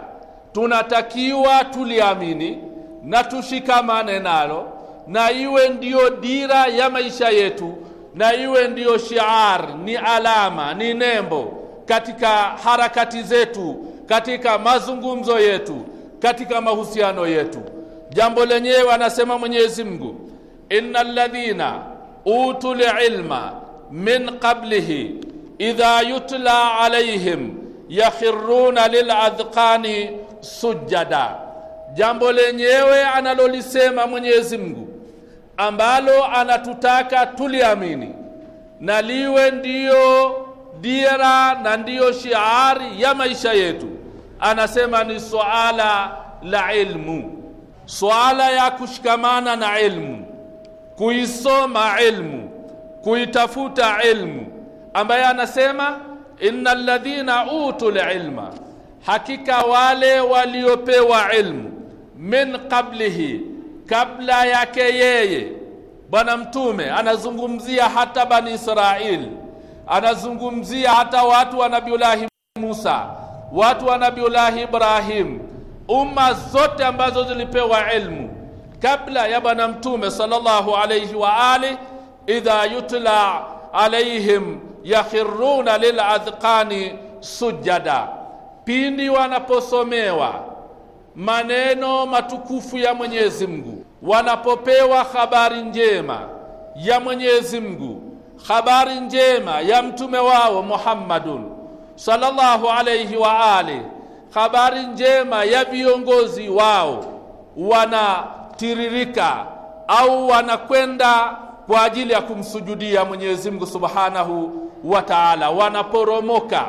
tunatakiwa tuliamini na tushikamane nalo na iwe ndiyo dira ya maisha yetu, na iwe ndiyo shiar, ni alama, ni nembo katika harakati zetu, katika mazungumzo yetu, katika mahusiano yetu. Jambo lenyewe anasema Mwenyezi Mungu, innal ladhina utul ilma min qablihi idha yutla alaihim yakhiruna liladhqani sujada. Jambo lenyewe analolisema Mwenyezi Mungu ambalo anatutaka tuliamini na liwe ndiyo dira na ndiyo shiari ya maisha yetu. Anasema ni suala la ilmu, swala ya kushikamana na ilmu, kuisoma ilmu, kuitafuta ilmu, ambaye anasema inna ladhina utul ilma, hakika wale waliopewa ilmu min qablihi kabla yake yeye bwana mtume anazungumzia hata bani israil anazungumzia hata watu wa nabiullahi musa watu wa nabiullahi ibrahim umma zote ambazo zilipewa ilmu kabla ya bwana mtume sallallahu alayhi wa ali idha yutla alaihim yakhiruna liladhqani sujada pindi wanaposomewa maneno matukufu ya mwenyezi mungu wanapopewa habari njema ya Mwenyezi Mungu, habari njema ya mtume wao Muhammadun sallallahu alayhi wa ali, habari njema ya viongozi wao, wanatiririka au wanakwenda kwa ajili ya kumsujudia Mwenyezi Mungu subhanahu wa taala, wanaporomoka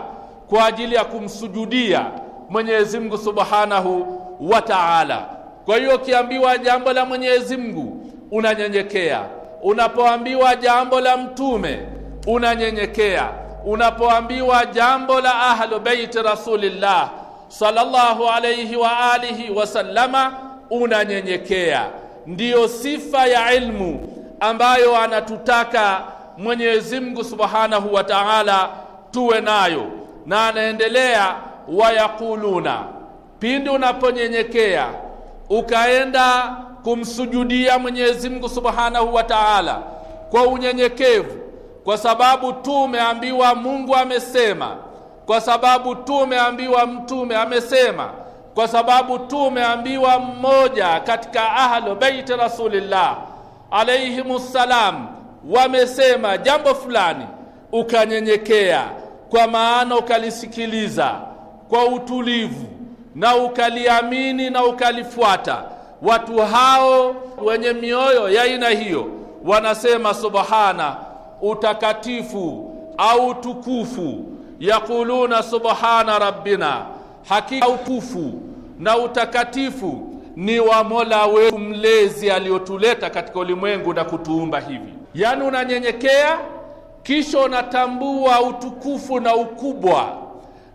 kwa ajili ya kumsujudia Mwenyezi Mungu subhanahu wa taala. Kwa hiyo ukiambiwa jambo la Mwenyezi Mungu unanyenyekea, unapoambiwa jambo la mtume unanyenyekea, unapoambiwa jambo la ahlu baiti rasulillah sallallahu alayhi wa alihi wasallama unanyenyekea. Ndiyo sifa ya ilmu ambayo anatutaka Mwenyezi Mungu subhanahu wa taala tuwe nayo, na anaendelea wayaquluna, pindi unaponyenyekea ukaenda kumsujudia Mwenyezi Mungu Subhanahu wa Ta'ala kwa unyenyekevu, kwa sababu tu umeambiwa Mungu amesema, kwa sababu tu umeambiwa mtume amesema, kwa sababu tu umeambiwa mmoja katika ahlu baiti Rasulillah alaihimussalam wamesema jambo fulani, ukanyenyekea, kwa maana ukalisikiliza kwa utulivu na ukaliamini na ukalifuata. Watu hao wenye mioyo ya aina hiyo wanasema subhana, utakatifu au tukufu. Yakuluna subhana rabbina, hakika utukufu na utakatifu ni wa Mola wetu mlezi aliyotuleta katika ulimwengu na kutuumba hivi. Yaani unanyenyekea kisha unatambua utukufu na ukubwa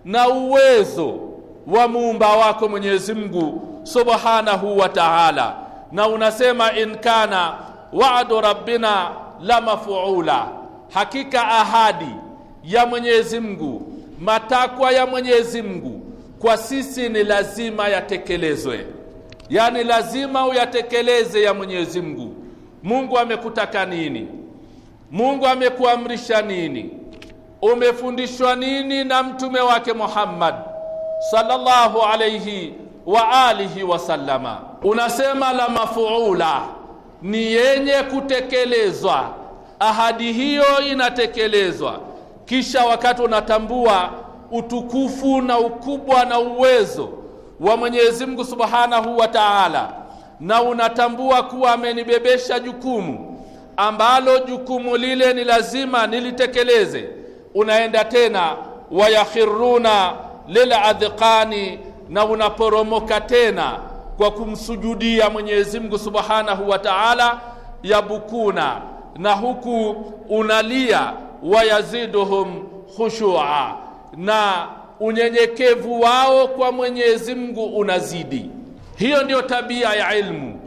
na uwezo wa muumba wako Mwenyezi Mungu subhanahu wa ta'ala, na unasema in kana wa'du rabbina la mafuula, hakika ahadi ya Mwenyezi Mungu, matakwa ya Mwenyezi Mungu kwa sisi ni lazima yatekelezwe, yaani lazima uyatekeleze ya Mwenyezi Mungu. Mungu amekutaka nini? Mungu amekuamrisha nini? Umefundishwa nini na mtume wake Muhammad sallallahu alayhi wa alihi sallama. Unasema la mafuula ni yenye kutekelezwa, ahadi hiyo inatekelezwa. Kisha wakati unatambua utukufu na ukubwa na uwezo wa Mwenyezi Mungu Subhanahu wa Ta'ala, na unatambua kuwa amenibebesha jukumu ambalo jukumu lile ni lazima nilitekeleze, unaenda tena wayakhiruna adhiqani na unaporomoka tena kwa kumsujudia Mwenyezi Mungu Subhanahu wa Ta'ala, yabukuna, na huku unalia, wayaziduhum khushua, na unyenyekevu wao kwa Mwenyezi Mungu unazidi. Hiyo ndiyo tabia ya ilmu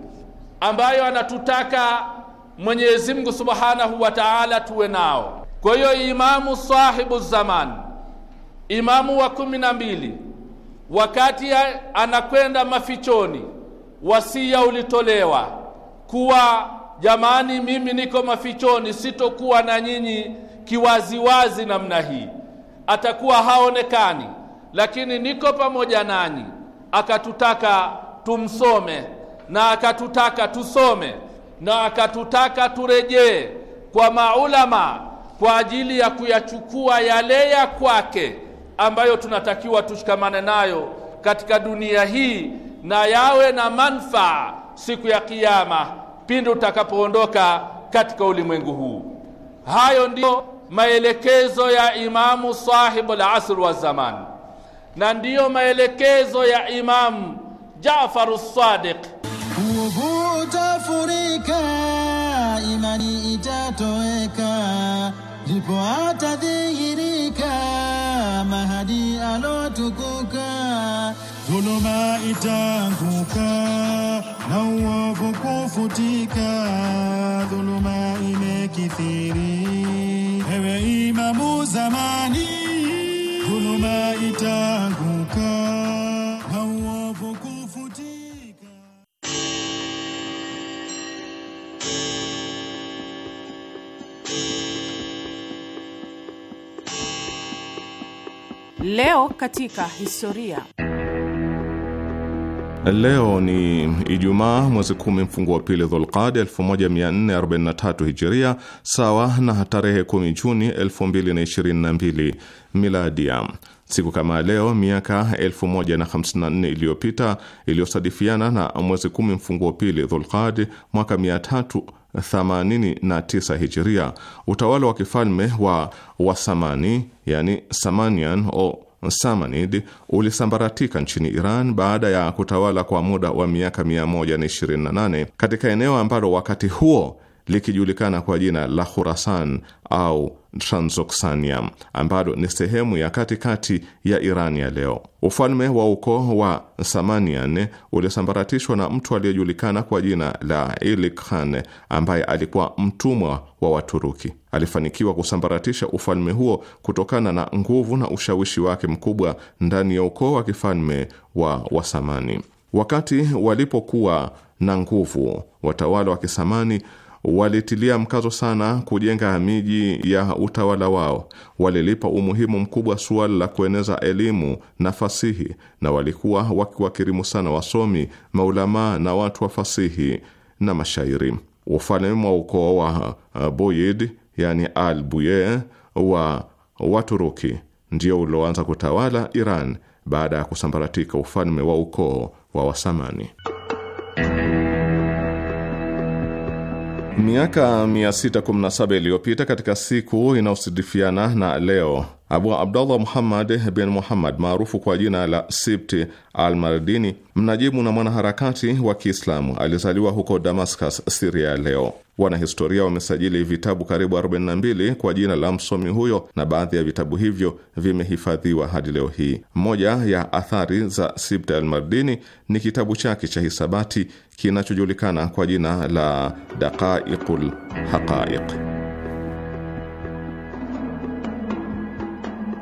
ambayo anatutaka Mwenyezi Mungu Subhanahu wa Ta'ala tuwe nao. Kwa hiyo Imamu sahibu zaman imamu wa kumi na mbili wakati anakwenda mafichoni wasia ulitolewa kuwa jamani mimi niko mafichoni sitokuwa na nyinyi kiwaziwazi namna hii atakuwa haonekani lakini niko pamoja nanyi akatutaka tumsome na akatutaka tusome na akatutaka turejee kwa maulama kwa ajili ya kuyachukua yale ya kwake ambayo tunatakiwa tushikamane nayo katika dunia hii na yawe na manfaa siku ya Kiyama pindi utakapoondoka katika ulimwengu huu. Hayo ndiyo maelekezo ya Imamu sahibu al wa zaman, na ndiyo maelekezo ya Imamu jafaru sadiq imani itatoweka, ndipo lotukuka dhuluma itanguka na uovu kufutika, dhuluma imekithiri. Ewe imamu zamani, dhuluma itanguka Leo katika historia. Leo ni Ijumaa, mwezi kumi mfungu wa pili Dhulqada 1443 Hijiria, sawa na tarehe 10 Juni 2022 Miladia. Siku kama leo miaka 1054 iliyopita, iliyosadifiana na mwezi kumi mfungu wa pili dhulqad mwaka 89 hijiria utawala wa kifalme wa Wasamani yani Samanian o Samanid ulisambaratika nchini Iran baada ya kutawala kwa muda wa miaka 128 katika eneo ambalo wakati huo likijulikana kwa jina la Khurasan au Transoxania, ambalo ni sehemu ya katikati ya Iran ya leo. Ufalme wa ukoo wa Samanian ulisambaratishwa na mtu aliyejulikana kwa jina la Ilik Khan ambaye alikuwa mtumwa wa Waturuki. Alifanikiwa kusambaratisha ufalme huo kutokana na nguvu na ushawishi wake mkubwa ndani ya ukoo wa kifalme wa Wasamani. Wakati walipokuwa na nguvu, watawala wa Kisamani walitilia mkazo sana kujenga miji ya utawala wao. Walilipa umuhimu mkubwa suala la kueneza elimu na fasihi, na walikuwa wakiwakirimu sana wasomi, maulamaa na watu wa fasihi na mashairi. Ufalme wa ukoo wa uh, Buyid, yani al Buye wa Waturuki ndio ulioanza kutawala Iran baada ya kusambaratika ufalme wa ukoo wa Wasamani. Miaka 617 iliyopita katika siku inayosidifiana na leo Abu Abdallah Muhammad bin Muhammad maarufu kwa jina la Sibti al-Mardini, mnajimu na mwanaharakati wa Kiislamu, alizaliwa huko Damascus, Syria leo. Wanahistoria wamesajili vitabu karibu 42 kwa jina la msomi huyo na baadhi ya vitabu hivyo vimehifadhiwa hadi leo hii. Moja ya athari za Sibti al-Mardini ni kitabu chake cha hisabati kinachojulikana kwa jina la Daqaiqul Haqaiq.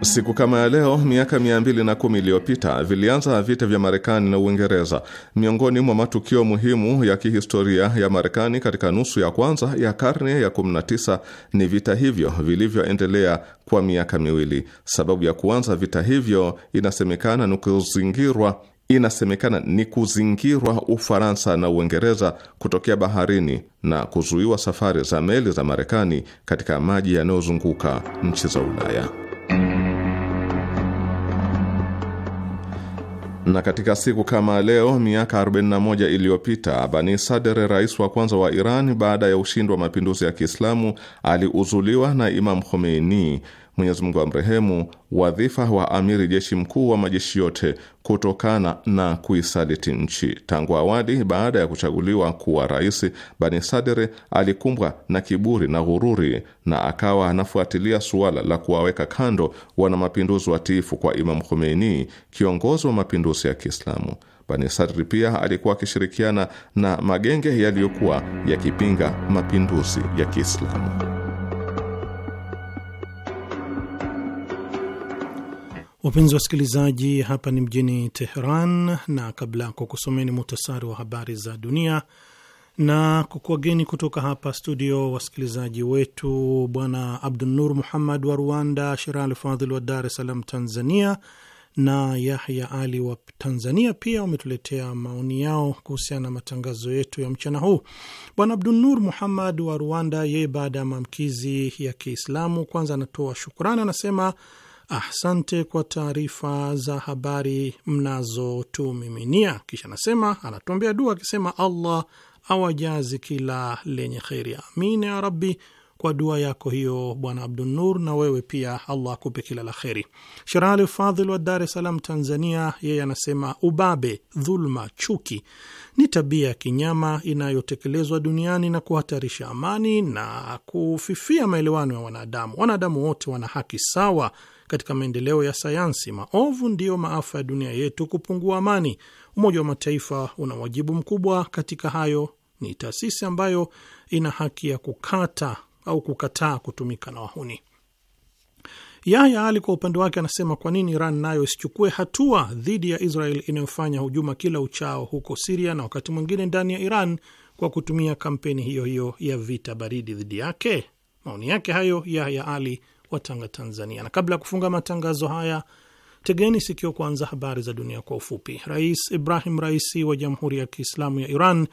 Siku kama ya leo miaka mia mbili na kumi iliyopita vilianza vita vya Marekani na Uingereza. Miongoni mwa matukio muhimu ya kihistoria ya Marekani katika nusu ya kwanza ya karne ya 19 ni vita hivyo vilivyoendelea kwa miaka miwili. Sababu ya kuanza vita hivyo inasemekana ni kuzingirwa inasemekana ni kuzingirwa Ufaransa na Uingereza kutokea baharini na kuzuiwa safari za meli za Marekani katika maji yanayozunguka nchi za Ulaya. Na katika siku kama leo miaka 41 iliyopita Bani sader rais wa kwanza wa Iran baada ya ushindi wa mapinduzi ya Kiislamu, aliuzuliwa na Imam Khomeini Mwenyezi Mungu amrehemu, wadhifa wa amiri jeshi mkuu wa majeshi yote kutokana na kuisaliti nchi. Tangu awali, baada ya kuchaguliwa kuwa rais, Bani sadri alikumbwa na kiburi na ghururi, na akawa anafuatilia suala la kuwaweka kando wana mapinduzi watiifu kwa Imam Khomeini, kiongozi wa mapinduzi ya Kiislamu. Bani Sadri pia alikuwa akishirikiana na magenge yaliyokuwa yakipinga mapinduzi ya Kiislamu. Wapenzi wasikilizaji, hapa ni mjini Teheran, na kabla kwa kusomeni muhtasari wa habari za dunia na kukuageni kutoka hapa studio, wasikilizaji wetu Bwana Abdunur Muhammad wa Rwanda, Shiral Fadhil wa Dar es Salaam Tanzania na Yahya Ali wa Tanzania pia wametuletea maoni yao kuhusiana na matangazo yetu ya mchana huu. Bwana Abdunur Muhammad wa Rwanda, yeye baada ya maamkizi ya Kiislamu kwanza anatoa shukrani, anasema Asante kwa taarifa za habari mnazotumiminia. Kisha anasema anatuambia dua akisema, Allah awajazi kila lenye kheri, amin ya rabbi. Kwa dua yako hiyo Bwana Abdunur, na wewe pia Allah akupe kila la kheri. Sherali Fadhil wa Dar es Salaam, Tanzania, yeye anasema ubabe, dhulma, chuki ni tabia ya kinyama inayotekelezwa duniani na kuhatarisha amani na kufifia maelewano ya wanadamu. Wanadamu wote wana haki sawa katika maendeleo ya sayansi. Maovu ndiyo maafa ya dunia yetu kupungua amani. Umoja wa Mataifa una wajibu mkubwa katika hayo. Ni taasisi ambayo ina haki ya kukata au kukataa kutumika na wahuni. Yahya Ali kwa upande wake anasema kwa nini Iran nayo isichukue hatua dhidi ya Israel inayofanya hujuma kila uchao huko Siria na wakati mwingine ndani ya Iran kwa kutumia kampeni hiyo hiyo ya vita baridi dhidi yake. Maoni yake hayo Yahya Ali wa Tanga, Tanzania. Na kabla ya kufunga matangazo haya, tegeni sikio kwanza habari za dunia kwa ufupi. Rais Ibrahim Raisi wa Jamhuri ya Kiislamu ya Iran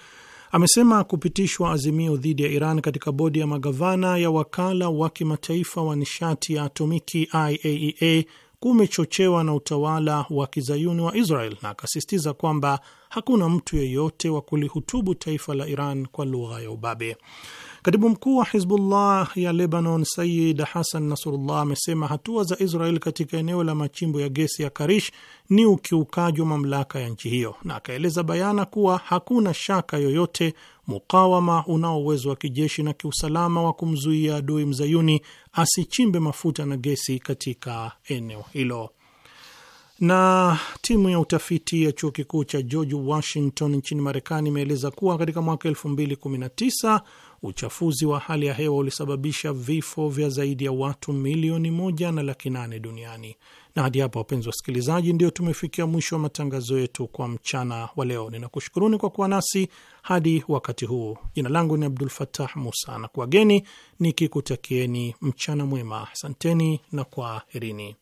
amesema kupitishwa azimio dhidi ya Iran katika bodi ya magavana ya wakala wa kimataifa wa nishati ya atomiki IAEA e kumechochewa na utawala wa kizayuni wa Israel, na akasisitiza kwamba hakuna mtu yeyote wa kulihutubu taifa la Iran kwa lugha ya ubabe. Katibu mkuu wa Hizbullah ya Lebanon Sayid Hasan Nasrullah amesema hatua za Israel katika eneo la machimbo ya gesi ya Karish ni ukiukaji wa mamlaka ya nchi hiyo, na akaeleza bayana kuwa hakuna shaka yoyote mukawama unao uwezo wa kijeshi na kiusalama wa kumzuia adui mzayuni asichimbe mafuta na gesi katika eneo hilo na timu ya utafiti ya chuo kikuu cha George Washington nchini Marekani imeeleza kuwa katika mwaka uchafuzi wa hali ya hewa ulisababisha vifo vya zaidi ya watu milioni moja na laki nane duniani. Na hadi hapa, wapenzi wa wasikilizaji, ndio tumefikia mwisho wa matangazo yetu kwa mchana wa leo. Ninakushukuruni kwa kuwa nasi hadi wakati huu. Jina langu ni Abdul Fatah Musa na kuwageni nikikutakieni mchana mwema. Asanteni na kwaherini.